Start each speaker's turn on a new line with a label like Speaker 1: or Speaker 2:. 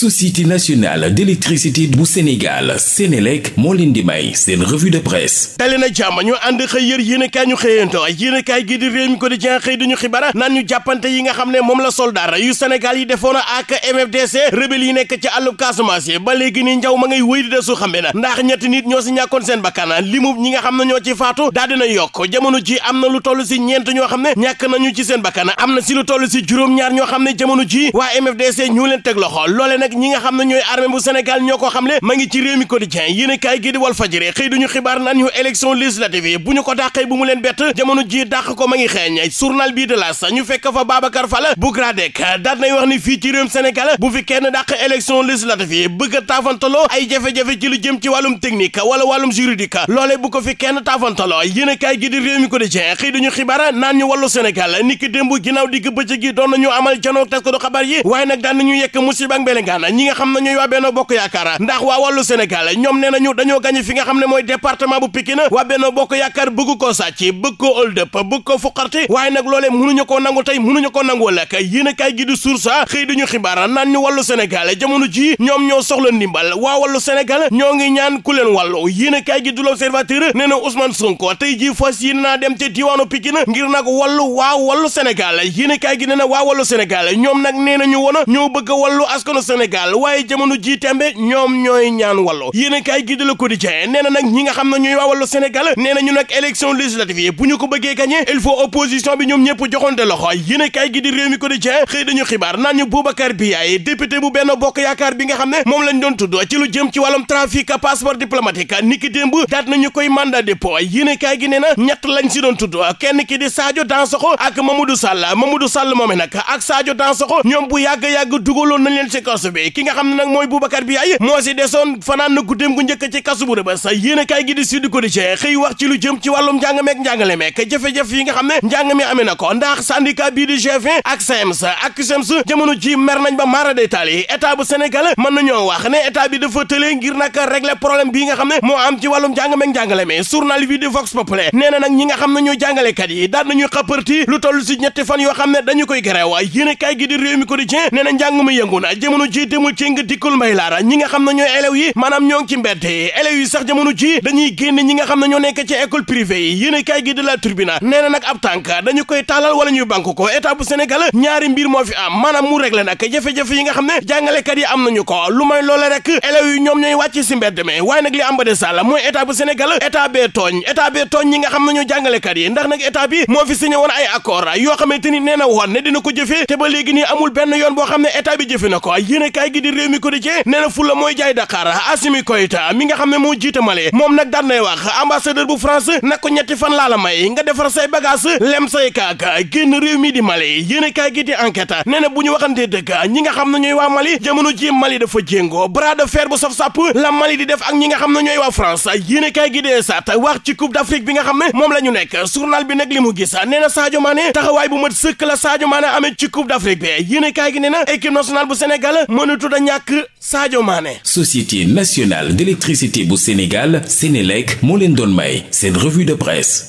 Speaker 1: société nationale d'électricité bu Sénégal Sénélec moo leen di may seen revue de presse tali na jàmm ànd xëy yër yéenekaay ñu xëyanto yéenekaay gi di Rewmi Quotidien xëy duñu xibaar naan ñu jàppante yi nga xam ne moom la soldat yu Sénégal yi defoon ak MFDC rebelle yi nekk ci àllub Casamance ba léegi ni njaw ma ngay wéy di desu xambe na ndax ñetti nit ñoo si ñàkkoon seen bakkan limu ñi nga xam ne ñoo ci faatu daal dina yokk jamono ji am na lu toll si ñeent ñoo xam ne ñàkk nañu ci seen bakkan am na si lu toll si juróom-ñaar ñoo xam ne jamono ji waa MFDC ñu leen teg loxo nag ñi nga xam ne ñooy armée bu Sénégal ñoo ko xam xamle ma ngi ci réew mi quotidien yéen a kaay gi di Walf Fadjri xëy duñu xibaar naan ñu élection législative yi bu ñu ko dàqee bu mu leen bett jamono ji dàq ko ma ngi xeeñ journal bii de la sa ñu fekk fa Babacar Fall bu Gradec daat nay wax ni fii ci réewum Sénégal bu fi kenn dàq élection législative yi bëgg a taafantaloo ay jafe-jafe ci lu jëm ci wàllum technique wala wàllum juridique loole bu ko fi kenn taafantaloo yéen a kaay gi di réew mi quotidien xëy duñu xibaar naan ñu wàllu Sénégal niki démb ginnaaw digg bëccëg gi doon nañu amal janoo tas ko do xabaar yi waaye nag daan nañu yekk musiba na ñi nga xam ne ñooy waa Benno Bokk Yaakaar ndax waa wàllu Sénégal ñoom na nañu dañoo gañe fi nga xam ne mooy département bu Pikine waa Benno Bokk Yaakaar bëgg koo sàcc bëgg koo hold up bëgg koo fuqarti waaye nag loolee mënuñu koo nangu tey mënuñu koo nangu lekk yéen a kaay gi di source xëy duñu xibaar naan ñu wàllu Sénégal jamono ñoom ñoo soxla ndimbal waa wàllu Sénégal ñoo ngi ñaan ku leen wàllu yéen a kaay gi du nee na Ousmane Sonko tey ji fas naa dem ca diwaanu Pikine ngir nag wàllu waa wàllu Sénégal yéen a kaay gi nee na waa wàllu ñoom nag nee nañu woon ñoo bëgg wàllu askanu Sénégal Sénégal waaye jamono jii tembe ñoom ñooy ñaan wàllu yéen a kaay gi de Le Quotidien nag ñi nga xam ne ñooy waa wàllu Sénégal nee ñu nag élection législative yi bu ñu ko bëggee gagné il faut opposition bi ñoom ñëpp joxonte loxo yéen a kaay gi di Rewmi Quotidien xëy xibaar naan ñu Boubacar Biaye député bu benn bokk yaakaar bi nga xam ne moom lañ doon tudd ci lu jëm ci wàllum trafic passeport diplomatique niki a kaay gi bu yàgg-yàgg dugaloon nañ leen boobee ki nga xam ne nag mooy Boubacar Biaye moo si desoon fanaan na guddeem gu njëkk ci kasu bu Rebeuss yéen a kaay gi di Sud Quotidien xëy wax ci lu jëm ci wàllum njàng meek njàngale meek jafe-jafe yi nga xam ne njàng mi amee na ko ndax syndicat bii di g ak CEMS e ak CUSEMS e jamono ji mer nañ ba maara détaal yi état bu Sénégal mën nañoo wax ne état bi dafa tëlee ngir nag régler problème bii nga xam ne moo am ci wàllum njàng meek njàngale mi journal bi di Vox na nag nga xam ne ñoo jàngalekat yi daan nañu lu toll si ñetti fan yoo xam ne dañu koy gerew yéen a kaay gi di Rewmi Quotidien na njàng mi yëngu na jamono ji ci demul ci nga dikkul mbay laara ñi nga xam ne ñooy élèves yi maanaam ñoo ngi ci mbedd élèves yi sax jamono ji dañuy génn ñi nga xam ne ñoo nekk ci école privée yi yéen a kaay gi de la tribune nee na nag ab tànk dañu koy taalal wala ñuy bank ko état bu Sénégal ñaari mbir moo fi am maanaam mu réglé nag jafe-jafe yi nga xam ne jàngalekat yi am ko lu may loola rek élèves yi ñoom ñooy wàcc si mbedd mi waaye nag li am ba de sàll mooy état bu Sénégal état bee tooñ état bee tooñ ñi nga xam ne yi ndax nag état bi moo fi signé woon ni nee na woon ne dina ko jëfee te ba léegi nii amul ne kaay gi di réew mi quotidien nee na fulla mooy jaay Dakar Assimi Koïta mi nga xam ne moo jiite Mali moom nag daan nay wax ambassadeur bu France nag ko ñetti fan laa la may nga defar say bagage lem say kaaka génn réew mi di Mali yéen kaay gi di enquête nee na bu ñu waxantee dëgg ñi nga xam na ñooy waa Mali jamono ji Mali dafa jéngoo bras de fer bu saf sàpp la Mali di def ak ñi nga xam ne ñooy waa France yéen kaay gi di sat wax ci Coupe d'Afrique bi nga xam moom la ñu nekk journal bi nag li mu gis nee na Sadio Mané taxawaay bu mat sëkk la Sadio Mané amee ci Coupe d'Afrique bi yéen gi nee na équipe bu Sénégal mënatud a ñàkk Sadio Mané. Société nationale d'électricité bu Sénégal Sénélec moo leen doon may seen revue de presse.